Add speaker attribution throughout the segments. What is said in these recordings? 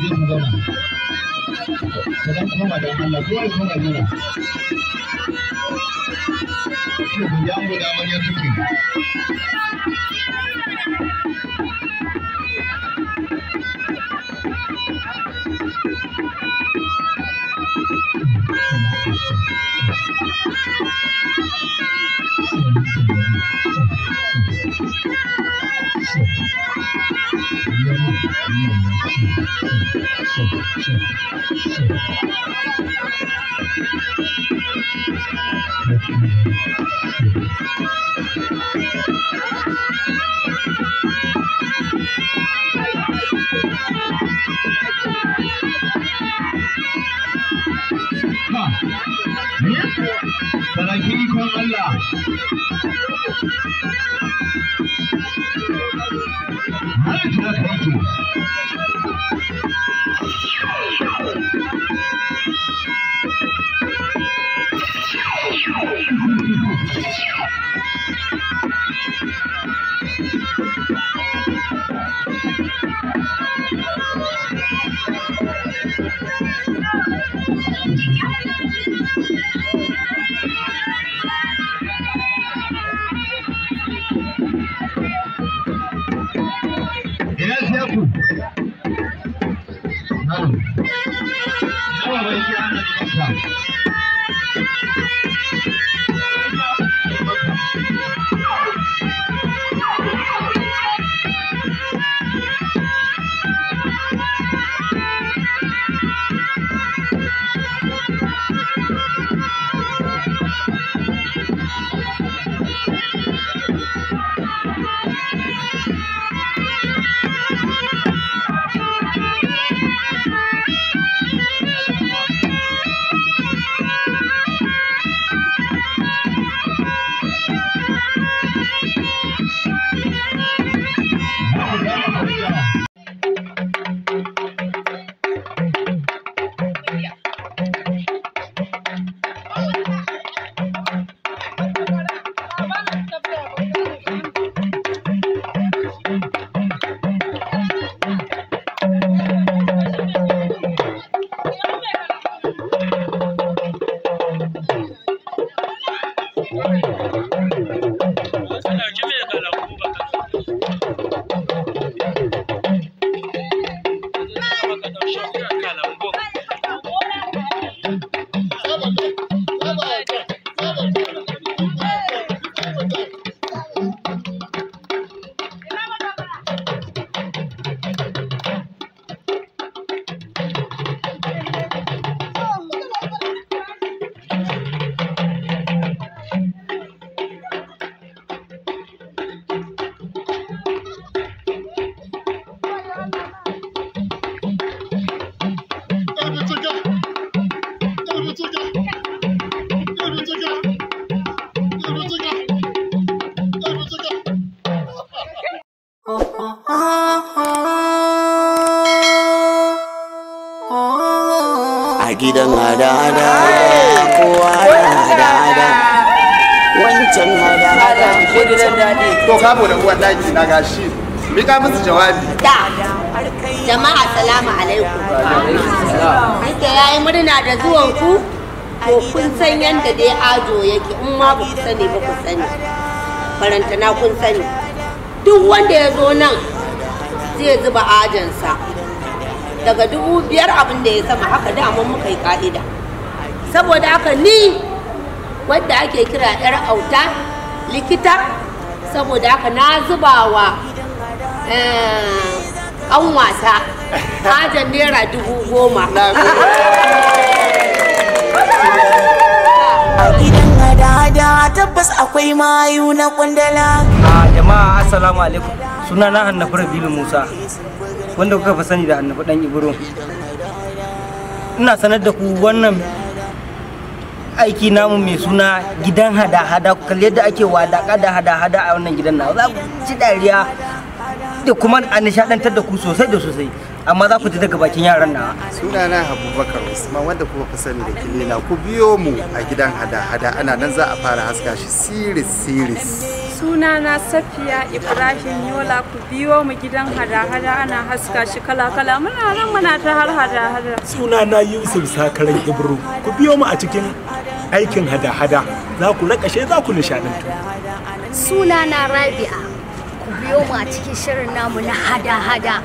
Speaker 1: ku je ku zauna ku dan koma da Allah ko ku koma zauna ku mu da wani sarki ikon Allah. siya yes.
Speaker 2: gidan hada-hada
Speaker 1: kowa hada-hada wancan hada-hada to kamo da uwan daji na gashi ka musu jawabi da jama'a salamu alaikum ita yayi murna da zuwan ku ko kun san yadda dai ajo yake in ma ba ku sani ba ku sani farantana kun sani duk wanda ya zo nan zai zuba ajansa daga dubu biyar abin da ya sama haka daman muka yi ka'ida saboda haka ni wadda ake kira yar auta likita saboda haka na zuba wa eh, an wasa hajjan naira dubu goma tabbas akwai mayu na kwandala ah, jama'a assalamu alaikum suna na hannafi rabilu musa wanda kuka fi sani da hannafi dan ibro ina sanar da ku wannan aiki namu mai suna gidan hada-hada kalli yadda ake wadaka da hada-hada a wannan gidan na za ku ci dariya da kuma a nishadantar da ku sosai da sosai amma za ku ji daga bakin yaran na sunana abubakar usman wanda kuma fi sani da na ku biyo mu a gidan hada-hada ana nan za a fara haska shi siris siris sunana safiya ibrahim yola ku biyo mu gidan hada-hada ana haska shi kala-kala muna nan muna ta har hada-hada sunana yusuf sakaran ibro ku biyo mu a cikin aikin hada-hada za ku rakashe za ku nishadantu sunana rabi biyo a cikin shirin namu na hada-hada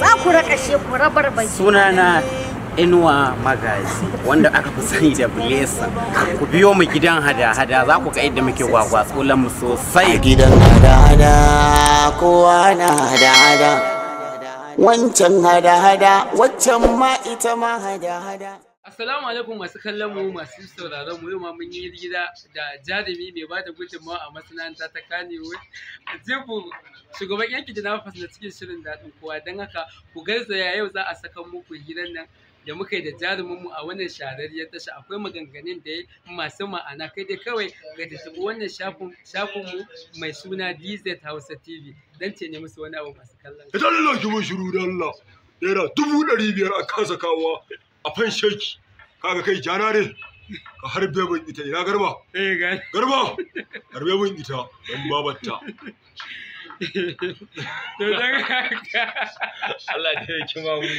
Speaker 1: za ku rakashe ku rabar bai na inuwa magazi wanda aka fi sani da blesa ku biyo mu gidan hada-hada za ku ga yadda muke gwagwa tsolan mu sosai gidan hada-hada kowa na hada-hada wancan hada-hada waccan ma ita ma hada-hada Assalamu alaikum masu kallon mu masu sauraron mu yau ma mun yi gida da jarumi mai bada da gudunmawa a masana'anta ta Kanewo. Jibu shugaban yankin da na na cikin shirin daɗin kowa don haka ku garzaya yau za a saka muku gidan nan da muka yi da jarumin mu a wannan sharar ya tasha akwai maganganun da ya masu ma'ana kai dai kawai ga tattaɓa wannan shafin mu mai suna DZ Hausa TV don ce ne musu wani abu masu kallon. Idan Allah ki mun shiru da Allah. Yana dubu ɗari biyar a kasa kawowa a fan sheki kaga kai jana ne ka harbe mun ita ina garba eh ga garba harbe min ita dan babatta Allah ya kima mu